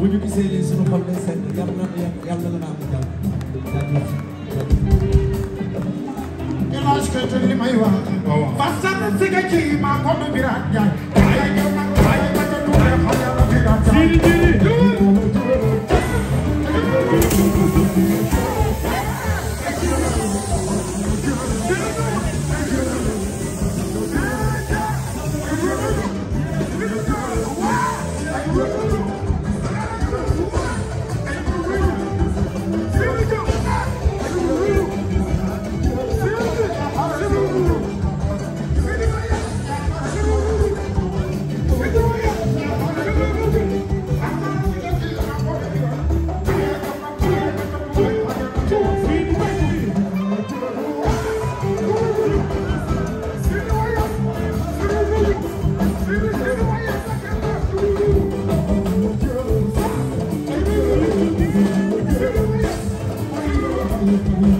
bu ñu gisee lii sunu xol day sedd yàlla na yàlla na am jàmm jaajëf elage ke te li may wax parce que si nga ci ma ko bira jaay ay ñëw nag ay ma ko tuure xam yàlla fi Thank you.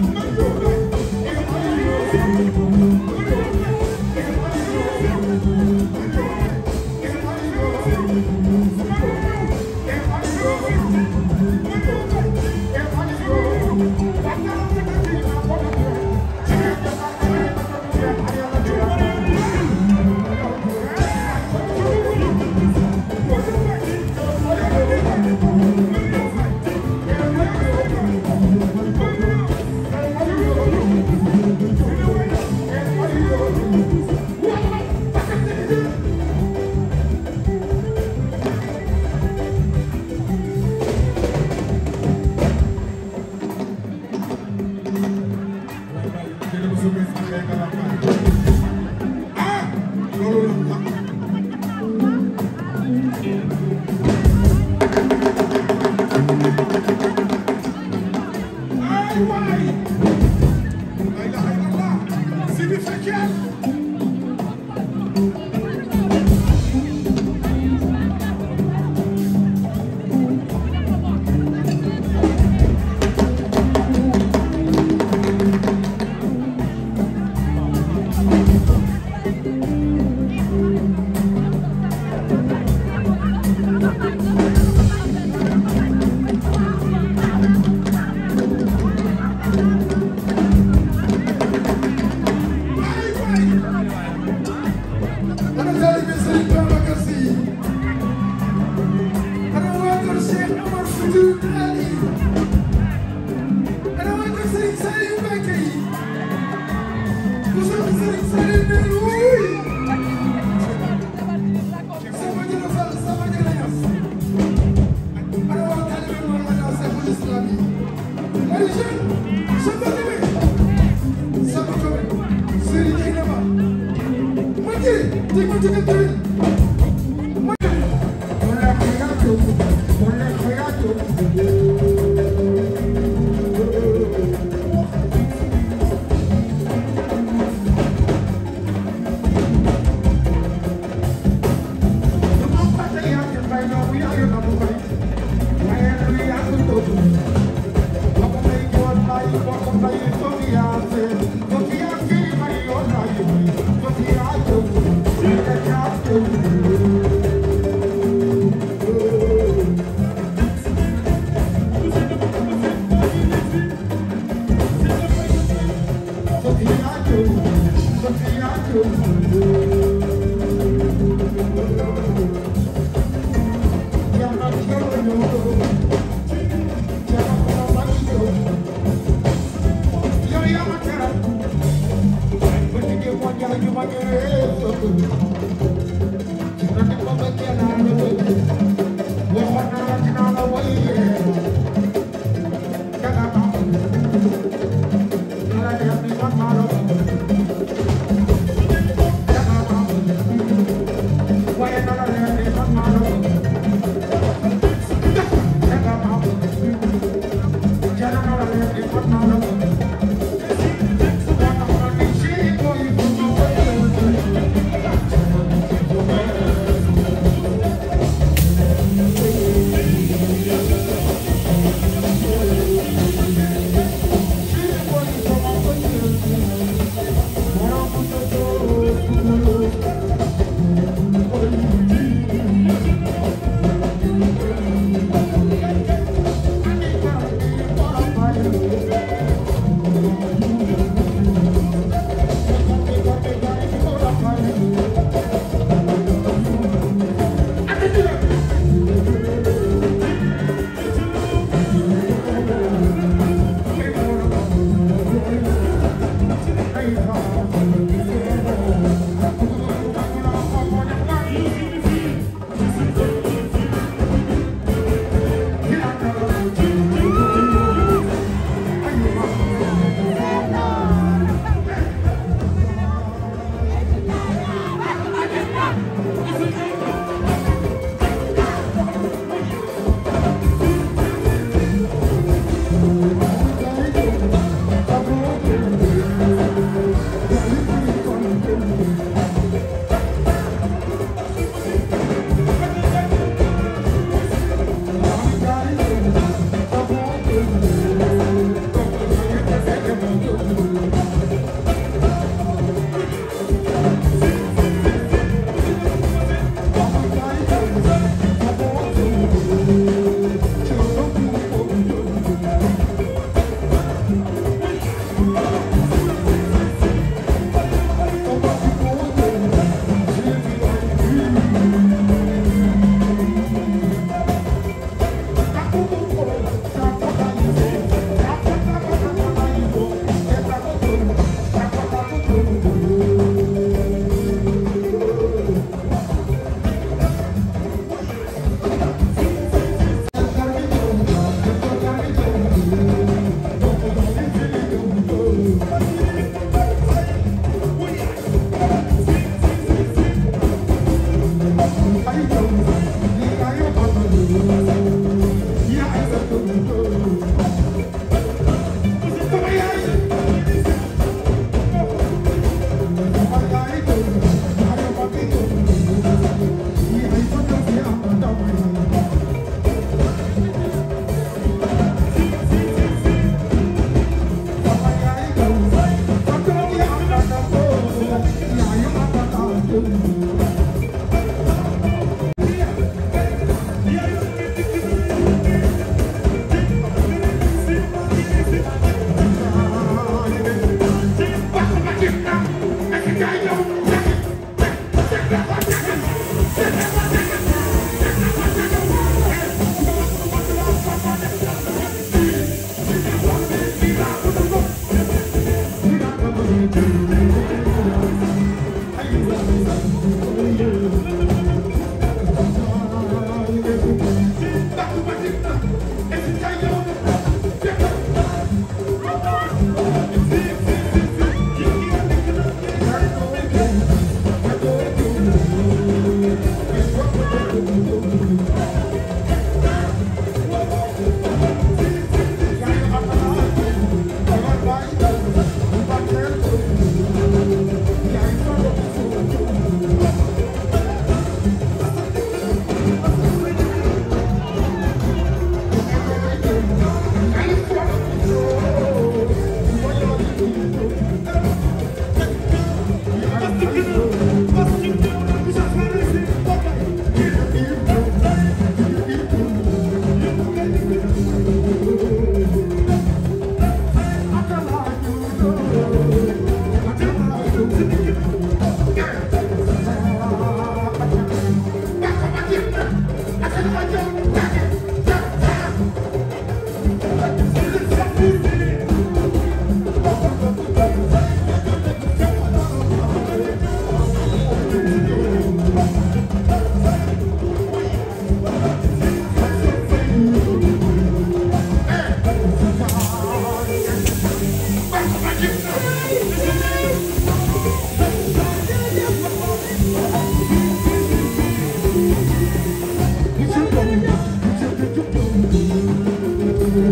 Seni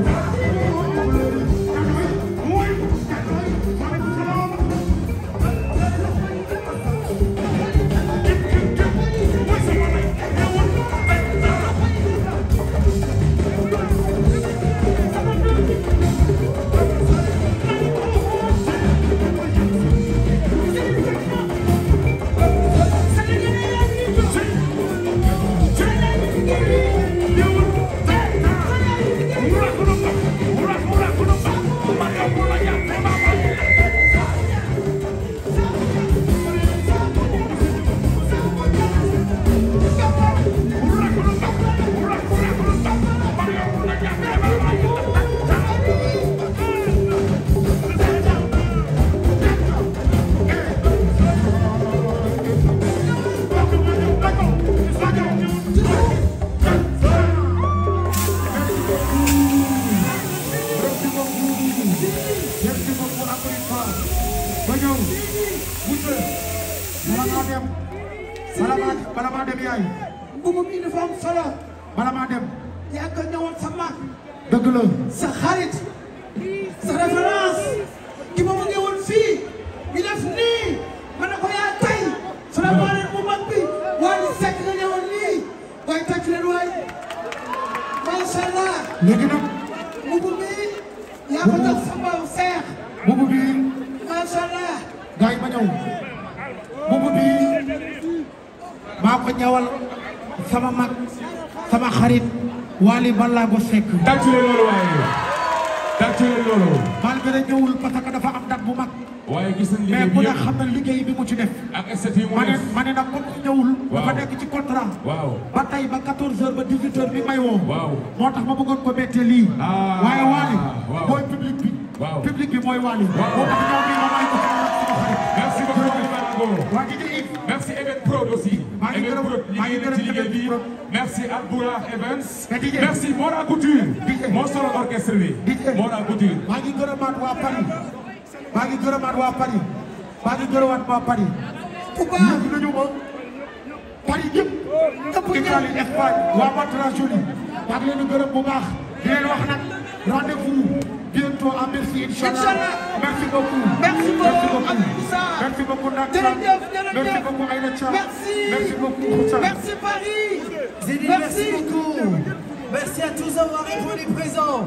Yeah. Ndiaye. mbubu mi dafa am solo. bala maa dem. yaa ko ñëwoon sa mag. dëgg la. sa xarit. sa référence. ki ma bëggee woon fii. ñu def nii. ma ne ko yaa tey. su la boolee mu mag bi. waaye sekk nga ñëwoon nii. waaye tàcc leen waay. macha allah. léegi nag. sama mag sama xarit Wally Ballago Seck. tàccu leen loolu waaye tàccu leen loolu. malgré ñëwul parce que dafa am date bu mag. waaye gis nañ liggéey bi mais ku ne xam na liggéey bi mu ci def. ak statut mu def ma ne ma ne nag comme ñëwul. dafa nekk ci contrat. ba tey ba 14h ba 18 bi may woo. moo tax ma bëggoon ko méttee lii. Ah, waaye Wally. waaw mooy public bi. waaw public bi mooy Wally. moo bii ma may ko sama xarit. merci beaucoup Wally Ballago. waa yéene ci liggéey bi merci Abdoulaye Evans. merci Mora Couture. moo solo orchestre bi. Mora Couture. maa ngi gërëmaat waa Paris. maa ngi gërëmaat waa Paris. maa ngi gërëmaat waa Paris. ku baax nañu ma. Paris ñëpp. ëpp Italie Espagne. waa Matra Jolie. maa ngi leen di gërëm bu baax. di wax nag rendez-vous. bientôt à Bercy inchallah merci beaucoup merci beaucoup merci beaucoup Ndakar merci beaucoup Aïda Thiam merci beaucoup merci Paris Zélie merci beaucoup merci à tous d'avoir répondu présent